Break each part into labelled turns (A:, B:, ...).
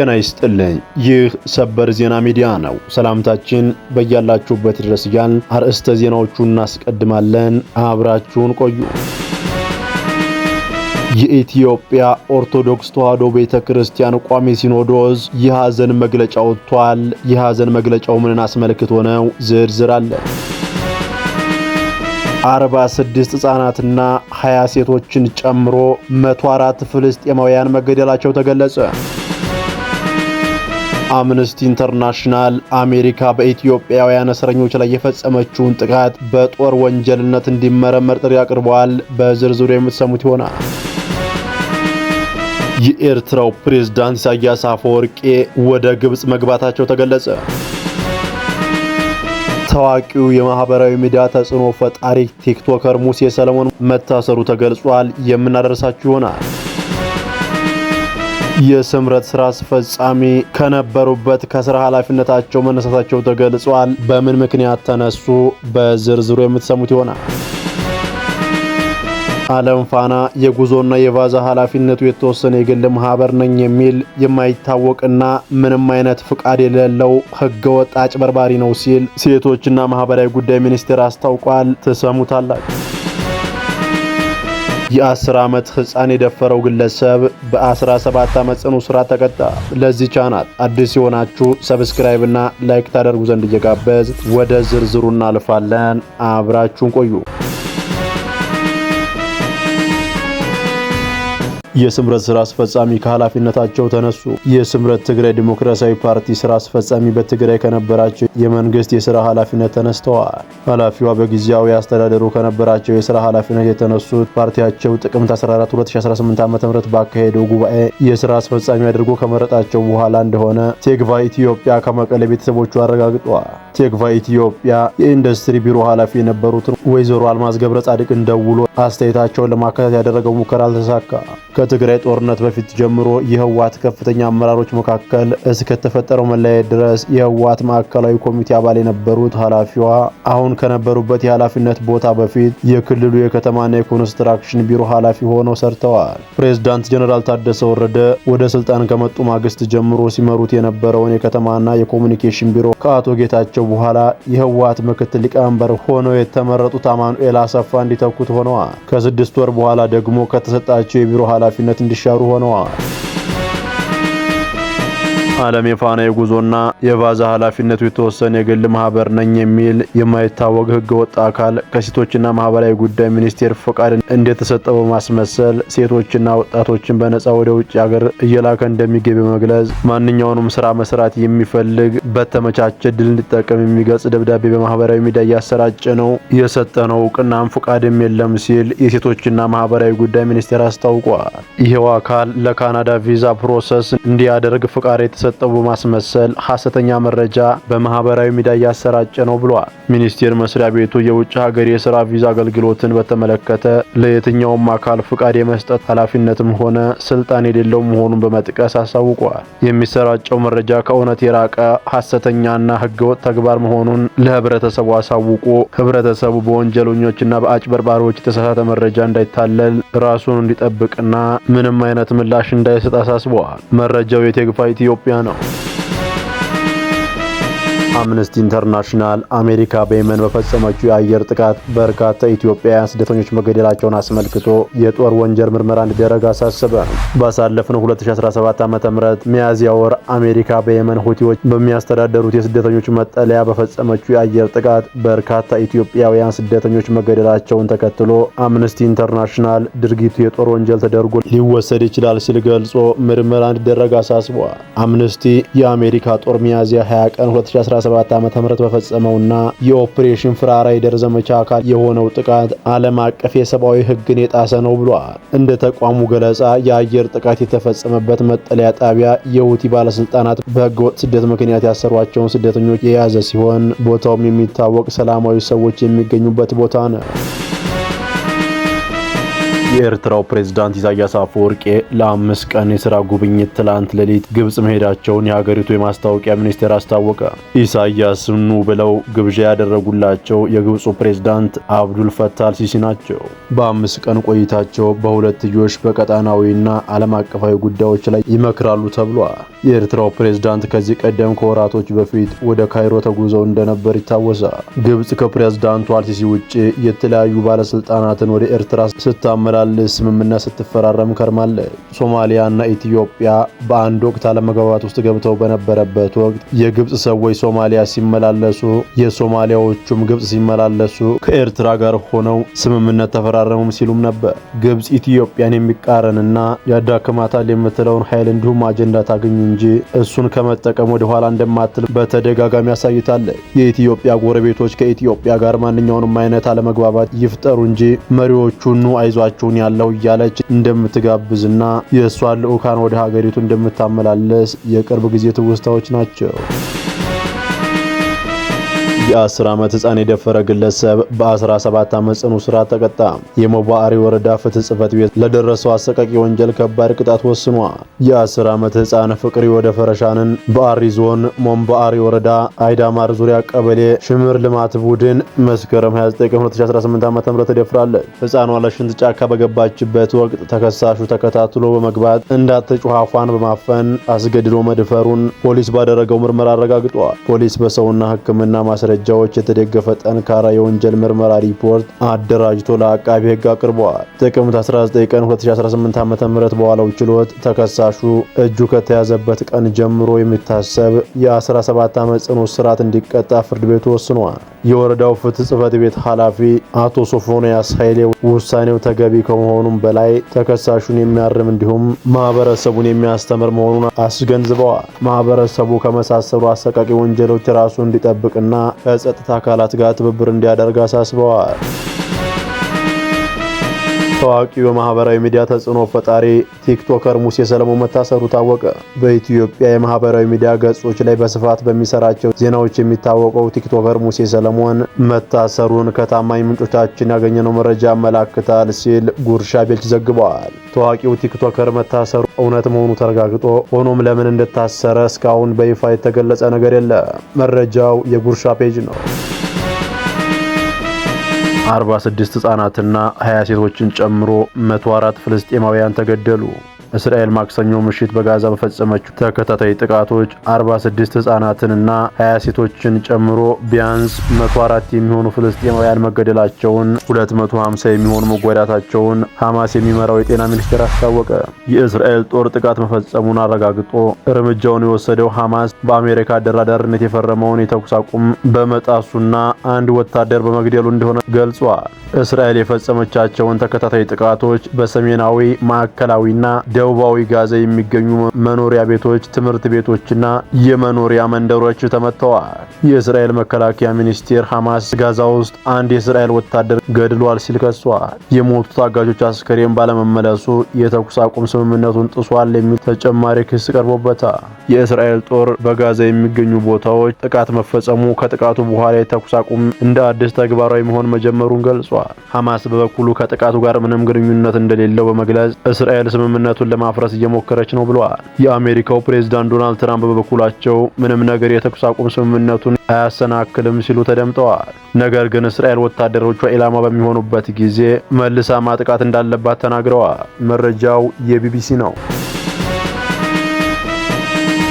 A: ጤና ይስጥልኝ። ይህ ሰበር ዜና ሚዲያ ነው። ሰላምታችን በያላችሁበት ድረስ እያል አርዕስተ ዜናዎቹን እናስቀድማለን። አብራችሁን ቆዩ። የኢትዮጵያ ኦርቶዶክስ ተዋሕዶ ቤተ ክርስቲያን ቋሚ ሲኖዶስ የሐዘን መግለጫ ወጥቷል። የሐዘን መግለጫው ምንን አስመልክቶ ነው? ዝርዝር አለ። 46 ሕፃናትና 20 ሴቶችን ጨምሮ 104 ፍልስጤማውያን መገደላቸው ተገለጸ። አምነስቲ ኢንተርናሽናል አሜሪካ በኢትዮጵያውያን እስረኞች ላይ የፈጸመችውን ጥቃት በጦር ወንጀልነት እንዲመረመር ጥሪ አቅርበዋል። በዝርዝሩ የምትሰሙት ይሆናል። የኤርትራው ፕሬዝዳንት ኢሳያስ አፈወርቄ ወደ ግብጽ መግባታቸው ተገለጸ። ታዋቂው የማህበራዊ ሚዲያ ተጽዕኖ ፈጣሪ ቲክቶከር ሙሴ ሰለሞን መታሰሩ ተገልጿል። የምናደርሳችሁ ይሆናል። የስምረት ስራ አስፈጻሚ ከነበሩበት ከስራ ኃላፊነታቸው መነሳታቸው ተገልጿል። በምን ምክንያት ተነሱ? በዝርዝሩ የምትሰሙት ይሆናል። አለም ፋና የጉዞና የቫዛ ኃላፊነቱ የተወሰነ የግል ማህበር ነኝ የሚል የማይታወቅና ምንም አይነት ፍቃድ የሌለው ህገወጥ አጭበርባሪ ነው ሲል ሴቶችና ማህበራዊ ጉዳይ ሚኒስቴር አስታውቋል። ትሰሙታላችሁ። የአስር ዓመት ህፃን የደፈረው ግለሰብ በ17 ዓመት ጽኑ እስራት ተቀጣ። ለዚህ ቻናል አዲስ የሆናችሁ ሰብስክራይብ ላይክ ታደርጉ ዘንድ እየጋበዝ ወደ ዝርዝሩ እናልፋለን። አብራችሁን ቆዩ። የስምረት ስራ አስፈጻሚ ከኃላፊነታቸው ተነሱ። የስምረት ትግራይ ዲሞክራሲያዊ ፓርቲ ስራ አስፈጻሚ በትግራይ ከነበራቸው የመንግስት የስራ ኃላፊነት ተነስተዋል። ኃላፊዋ በጊዜያዊ አስተዳደሩ ከነበራቸው የስራ ኃላፊነት የተነሱት ፓርቲያቸው ጥቅምት 14 2018 ዓ.ም ባካሄደው ጉባኤ የስራ አስፈጻሚ አድርጎ ከመረጣቸው በኋላ እንደሆነ ቴግቫ ኢትዮጵያ ከመቀሌ ቤተሰቦቹ አረጋግጧል። ቴግቫ ኢትዮጵያ የኢንዱስትሪ ቢሮ ኃላፊ የነበሩትን ወይዘሮ አልማዝ ገብረ ጻድቅ ደውሎ አስተያየታቸውን ለማካተት ያደረገው ሙከራ አልተሳካ። ከትግራይ ጦርነት በፊት ጀምሮ የህወሓት ከፍተኛ አመራሮች መካከል እስከተፈጠረው መለያየት ድረስ የህወሓት ማዕከላዊ ኮሚቴ አባል የነበሩት ኃላፊዋ አሁን ከነበሩበት የኃላፊነት ቦታ በፊት የክልሉ የከተማና የኮንስትራክሽን ቢሮ ኃላፊ ሆነው ሰርተዋል። ፕሬዝዳንት ጀነራል ታደሰ ወረደ ወደ ስልጣን ከመጡ ማግስት ጀምሮ ሲመሩት የነበረውን የከተማና የኮሚኒኬሽን ቢሮ ከአቶ ጌታቸው በኋላ የህወሓት ምክትል ሊቀመንበር ሆነው የተመረጡት አማኑኤል አሰፋ እንዲተኩት ሆነዋል። ከስድስት ወር በኋላ ደግሞ ከተሰጣቸው የቢሮ ኃላፊ ኃላፊነት እንዲሻሩ ሆነዋል። ዓለም የፋና የጉዞና የቫዛ ኃላፊነቱ የተወሰነ የግል ማህበር ነኝ የሚል የማይታወቅ ህገወጥ አካል ከሴቶችና ማህበራዊ ጉዳይ ሚኒስቴር ፈቃድ እንደተሰጠ በማስመሰል ሴቶችና ወጣቶችን በነጻ ወደ ውጭ ሀገር እየላከ እንደሚገኝ በመግለጽ ማንኛውንም ስራ መስራት የሚፈልግ በተመቻቸ ድል እንዲጠቀም የሚገልጽ ደብዳቤ በማህበራዊ ሚዲያ እያሰራጨ ነው። የሰጠነው እውቅናም ፈቃድም የለም ሲል የሴቶችና ማህበራዊ ጉዳይ ሚኒስቴር አስታውቋል። ይሄው አካል ለካናዳ ቪዛ ፕሮሰስ እንዲያደርግ ፈቃድ የተሰ እንደተሰጠው በማስመሰል ሐሰተኛ መረጃ በማህበራዊ ሚዲያ እያሰራጨ ነው ብሏል። ሚኒስቴር መስሪያ ቤቱ የውጭ ሀገር የስራ ቪዛ አገልግሎትን በተመለከተ ለየትኛውም አካል ፍቃድ የመስጠት ኃላፊነትም ሆነ ስልጣን የሌለው መሆኑን በመጥቀስ አሳውቋል። የሚሰራጨው መረጃ ከእውነት የራቀ ሐሰተኛና ህገወጥ ተግባር መሆኑን ለህብረተሰቡ አሳውቆ ህብረተሰቡ በወንጀለኞችና በአጭበርባሪዎች የተሳሳተ መረጃ እንዳይታለል ራሱን እንዲጠብቅና ምንም አይነት ምላሽ እንዳይሰጥ አሳስበዋል። መረጃው የቴግፋ ኢትዮጵያ Journal. አምነስቲ ኢንተርናሽናል አሜሪካ በየመን በፈጸመችው የአየር ጥቃት በርካታ ኢትዮጵያውያን ስደተኞች መገደላቸውን አስመልክቶ የጦር ወንጀል ምርመራ እንዲደረግ አሳሰበ። ባሳለፍነው 2017 ዓ ም ሚያዝያ ወር አሜሪካ በየመን ሁቲዎች በሚያስተዳደሩት የስደተኞች መጠለያ በፈጸመችው የአየር ጥቃት በርካታ ኢትዮጵያውያን ስደተኞች መገደላቸውን ተከትሎ አምነስቲ ኢንተርናሽናል ድርጊቱ የጦር ወንጀል ተደርጎ ሊወሰድ ይችላል ሲል ገልጾ ምርመራ እንዲደረግ አሳስቧል። አምነስቲ የአሜሪካ ጦር ሚያዝያ 20 ቀን 2017 ም በፈጸመውና የኦፕሬሽን ፍራ ራይደር ዘመቻ አካል የሆነው ጥቃት ዓለም አቀፍ የሰብአዊ ሕግን የጣሰ ነው ብሏል። እንደ ተቋሙ ገለጻ የአየር ጥቃት የተፈጸመበት መጠለያ ጣቢያ የሁቲ ባለስልጣናት በህገወጥ ስደት ምክንያት ያሰሯቸውን ስደተኞች የያዘ ሲሆን ቦታውም የሚታወቅ ሰላማዊ ሰዎች የሚገኙበት ቦታ ነው። የኤርትራው ፕሬዝዳንት ኢሳያስ አፈወርቄ ለአምስት ቀን የሥራ ጉብኝት ትላንት ሌሊት ግብጽ መሄዳቸውን የሀገሪቱ የማስታወቂያ ሚኒስቴር አስታወቀ። ኢሳያስ ኑ ብለው ግብዣ ያደረጉላቸው የግብፁ ፕሬዝዳንት አብዱል ፈታህ አልሲሲ ናቸው። በአምስት ቀን ቆይታቸው በሁለትዮሽ በቀጣናዊና ዓለም አቀፋዊ ጉዳዮች ላይ ይመክራሉ ተብሏል። የኤርትራው ፕሬዝዳንት ከዚህ ቀደም ከወራቶች በፊት ወደ ካይሮ ተጉዘው እንደነበር ይታወሳል። ግብጽ ከፕሬዝዳንቱ አልሲሲ ውጭ የተለያዩ ባለስልጣናትን ወደ ኤርትራ ስታመላ ቃል ስምምነት ስትፈራረም ከርማል። ሶማሊያ ኢትዮጵያ በአንድ ወቅት አለመግባባት ውስጥ ገብተው በነበረበት ወቅት የግብፅ ሰዎች ሶማሊያ ሲመላለሱ፣ የሶማሊያዎቹም ግብፅ ሲመላለሱ ከኤርትራ ጋር ሆነው ስምምነት ተፈራረሙም ሲሉም ነበር። ግብፅ ኢትዮጵያን የሚቃረንና ያዳክማታል የምትለውን ኃይል እንዲሁም አጀንዳ ታገኝ እንጂ እሱን ከመጠቀም ወደኋላ እንደማትል በተደጋጋሚ ያሳይታል። የኢትዮጵያ ጎረቤቶች ከኢትዮጵያ ጋር ማንኛውንም አይነት አለመግባባት ይፍጠሩ እንጂ መሪዎቹ ኑ አይዟችሁን አሁን ያለው እያለች እንደምትጋብዝና የእሷን ልዑካን ወደ ሀገሪቱ እንደምታመላለስ የቅርብ ጊዜ ትውስታዎች ናቸው። የአስር ዓመት ህፃን የደፈረ ግለሰብ በ17 ዓመት ጽኑ እስራት ተቀጣ። የሞባ ወረዳ ፍትህ ጽፈት ቤት ለደረሰው አሰቃቂ ወንጀል ከባድ ቅጣት ወስኗል የአስር ዓመት ህፃን ፍቅሪ ወደ ፈረሻንን በአሪ ዞን ሞምባ ወረዳ አይዳማር ዙሪያ ቀበሌ ሽምር ልማት ቡድን መስከረም 29 2018 ዓ.ም ተደፍራለች። ህፃኗ ለሽንት ጫካ በገባችበት ወቅት ተከሳሹ ተከታትሎ በመግባት እንዳትጮህ በማፈን አስገድዶ መድፈሩን ፖሊስ ባደረገው ምርመራ አረጋግጧል። ፖሊስ በሰውና ሕክምና ማስረጃ መረጃዎች የተደገፈ ጠንካራ የወንጀል ምርመራ ሪፖርት አደራጅቶ ለአቃቢ ሕግ አቅርበዋል። ጥቅምት 19 ቀን 2018 ዓ.ም በዋለው ችሎት ተከሳሹ እጁ ከተያዘበት ቀን ጀምሮ የሚታሰብ የ17 ዓመት ጽኑ እስራት እንዲቀጣ ፍርድ ቤቱ ወስኗል። የወረዳው ፍትህ ጽህፈት ቤት ኃላፊ አቶ ሶፎንያስ ኃይሌ ውሳኔው ተገቢ ከመሆኑም በላይ ተከሳሹን የሚያርም እንዲሁም ማህበረሰቡን የሚያስተምር መሆኑን አስገንዝበዋል። ማህበረሰቡ ከመሳሰሉ አሰቃቂ ወንጀሎች ራሱ እንዲጠብቅና ከጸጥታ አካላት ጋር ትብብር እንዲያደርግ አሳስበዋል። ታዋቂው የማህበራዊ ሚዲያ ተጽዕኖ ፈጣሪ ቲክቶከር ሙሴ ሰለሞን መታሰሩ ታወቀ። በኢትዮጵያ የማህበራዊ ሚዲያ ገጾች ላይ በስፋት በሚሰራቸው ዜናዎች የሚታወቀው ቲክቶከር ሙሴ ሰለሞን መታሰሩን ከታማኝ ምንጮቻችን ያገኘነው መረጃ ያመላክታል ሲል ጉርሻ ቤልች ዘግበዋል። ታዋቂው ቲክቶከር መታሰሩ እውነት መሆኑ ተረጋግጦ ሆኖም ለምን እንደታሰረ እስካሁን በይፋ የተገለጸ ነገር የለም። መረጃው የጉርሻ ፔጅ ነው። 46 ህጻናትና 20 ሴቶችን ጨምሮ 104 ፍልስጤማውያን ተገደሉ። እስራኤል ማክሰኞ ምሽት በጋዛ በፈጸመችው ተከታታይ ጥቃቶች 46 ህጻናትንና 20 ሴቶችን ጨምሮ ቢያንስ 104 የሚሆኑ ፍልስጤማውያን መገደላቸውን፣ 250 የሚሆኑ መጎዳታቸውን ሐማስ የሚመራው የጤና ሚኒስቴር አስታወቀ። የእስራኤል ጦር ጥቃት መፈጸሙን አረጋግጦ እርምጃውን የወሰደው ሐማስ በአሜሪካ አደራዳርነት የፈረመውን የተኩስ አቁም በመጣሱና አንድ ወታደር በመግደሉ እንደሆነ ገልጿል። እስራኤል የፈጸመቻቸውን ተከታታይ ጥቃቶች በሰሜናዊ ማዕከላዊና ደ ደቡባዊ ጋዛ የሚገኙ መኖሪያ ቤቶች፣ ትምህርት ቤቶችና የመኖሪያ መንደሮች ተመተዋል። የእስራኤል መከላከያ ሚኒስቴር ሐማስ ጋዛ ውስጥ አንድ የእስራኤል ወታደር ገድሏል ሲል ከሷል። የሞቱ ታጋቾች አስከሬን ባለመመለሱ የተኩስ አቁም ስምምነቱን ጥሷል የሚል ተጨማሪ ክስ ቀርቦበታል። የእስራኤል ጦር በጋዛ የሚገኙ ቦታዎች ጥቃት መፈጸሙ ከጥቃቱ በኋላ የተኩስ አቁም እንደ አዲስ ተግባራዊ መሆን መጀመሩን ገልጿል። ሐማስ በበኩሉ ከጥቃቱ ጋር ምንም ግንኙነት እንደሌለው በመግለጽ እስራኤል ስምምነቱን ለማፍረስ እየሞከረች ነው ብለዋል። የአሜሪካው ፕሬዝዳንት ዶናልድ ትራምፕ በበኩላቸው ምንም ነገር የተኩስ አቁም ስምምነቱን አያሰናክልም ሲሉ ተደምጠዋል። ነገር ግን እስራኤል ወታደሮቿ ኢላማ በሚሆኑበት ጊዜ መልሳ ማጥቃት እንዳለባት ተናግረዋል። መረጃው የቢቢሲ ነው።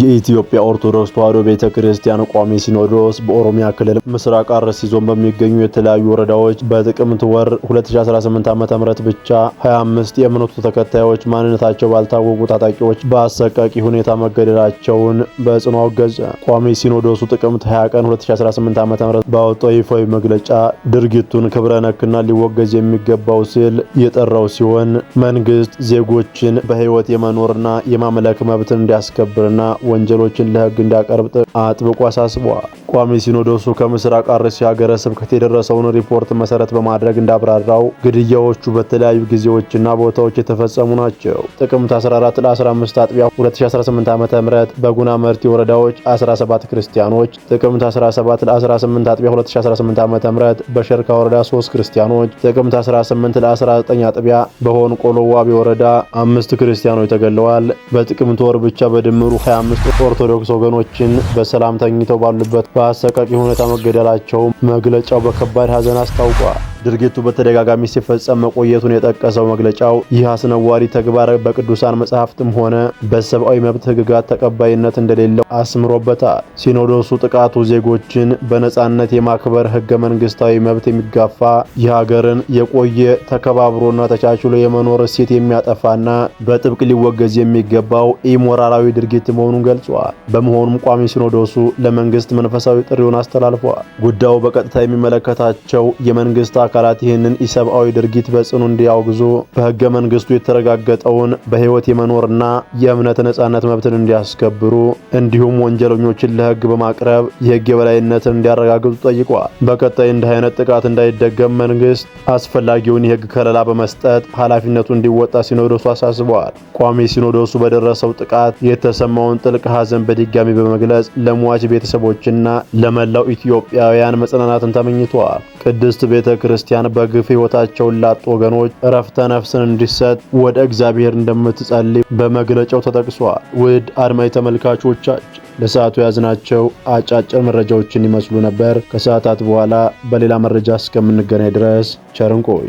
A: የኢትዮጵያ ኦርቶዶክስ ተዋሕዶ ቤተ ክርስቲያን ቋሚ ሲኖዶስ በኦሮሚያ ክልል ምስራቅ አርሲ ዞን በሚገኙ የተለያዩ ወረዳዎች በጥቅምት ወር 2018 ዓ.ም ብቻ 25 የእምነቱ ተከታዮች ማንነታቸው ባልታወቁ ታጣቂዎች በአሰቃቂ ሁኔታ መገደላቸውን በጽኑ አወገዘ። ቋሚ ሲኖዶሱ ጥቅምት 20 ቀን 2018 ም ባወጣው ይፋዊ መግለጫ ድርጊቱን ክብረ ነክና ሊወገዝ የሚገባው ሲል የጠራው ሲሆን መንግስት ዜጎችን በሕይወት የመኖርና የማምለክ መብትን እንዲያስከብርና ወንጀሎችን ለህግ እንዲያቀርብ አጥብቆ አሳስቧል። ቋሚ ሲኖዶሱ ከምስራቅ አርሲ ሀገረ ስብከት የደረሰውን ሪፖርት መሰረት በማድረግ እንዳብራራው ግድያዎቹ በተለያዩ ጊዜዎችና ቦታዎች የተፈጸሙ ናቸው። ጥቅምት 14 ለ15 አጥቢያ 2018 ዓ.ም በጉና መርቲ ወረዳዎች 17 ክርስቲያኖች፣ ጥቅምት 17 ለ18 አጥቢያ 2018 .ም በሸርካ ወረዳ 3 ክርስቲያኖች፣ ጥቅምት 18 ለ19 አጥቢያ በሆን ቆሎ ወረዳ አምስት ክርስቲያኖች ተገለዋል። በጥቅምት ወር ብቻ በድምሩ 25 አምስት ኦርቶዶክስ ወገኖችን በሰላም ተኝተው ባሉበት በአሰቃቂ ሁኔታ መገደላቸው መግለጫው በከባድ ሀዘን አስታውቋል። ድርጊቱ በተደጋጋሚ ሲፈጸም መቆየቱን የጠቀሰው መግለጫው ይህ አስነዋሪ ተግባር በቅዱሳን መጽሐፍትም ሆነ በሰብአዊ መብት ሕግጋት ተቀባይነት እንደሌለው አስምሮበታል። ሲኖዶሱ ጥቃቱ ዜጎችን በነጻነት የማክበር ሕገ መንግስታዊ መብት የሚጋፋ የሀገርን የቆየ ተከባብሮና ተቻችሎ የመኖር እሴት የሚያጠፋና በጥብቅ ሊወገዝ የሚገባው ኢሞራላዊ ድርጊት መሆኑን ገልጿል። በመሆኑም ቋሚ ሲኖዶሱ ለመንግስት መንፈሳዊ ጥሪውን አስተላልፏል። ጉዳዩ በቀጥታ የሚመለከታቸው የመንግስት አካላት ይህንን ኢሰብአዊ ድርጊት በጽኑ እንዲያወግዙ በሕገ መንግስቱ የተረጋገጠውን በሕይወት የመኖርና የእምነት ነጻነት መብትን እንዲያስከብሩ እንዲሁም ወንጀለኞችን ለሕግ በማቅረብ የሕግ የበላይነትን እንዲያረጋግጡ ጠይቋል። በቀጣይ እንዲህ አይነት ጥቃት እንዳይደገም መንግስት አስፈላጊውን የሕግ ከለላ በመስጠት ኃላፊነቱ እንዲወጣ ሲኖዶሱ አሳስበዋል። ቋሚ ሲኖዶሱ በደረሰው ጥቃት የተሰማውን ጥልቅ ሐዘን በድጋሚ በመግለጽ ለሟች ቤተሰቦችና ለመላው ኢትዮጵያውያን መጽናናትን ተመኝተዋል። ቅድስት ቤተ ክርስቲያን ክርስቲያን በግፍ ሕይወታቸውን ላጡ ወገኖች እረፍተ ነፍስን እንዲሰጥ ወደ እግዚአብሔር እንደምትጸልይ በመግለጫው ተጠቅሷል። ውድ አድማጭ ተመልካቾቻችን ለሰዓቱ ያዝናቸው አጫጭር መረጃዎችን ይመስሉ ነበር። ከሰዓታት በኋላ በሌላ መረጃ እስከምንገናኝ ድረስ ቸርንቆይ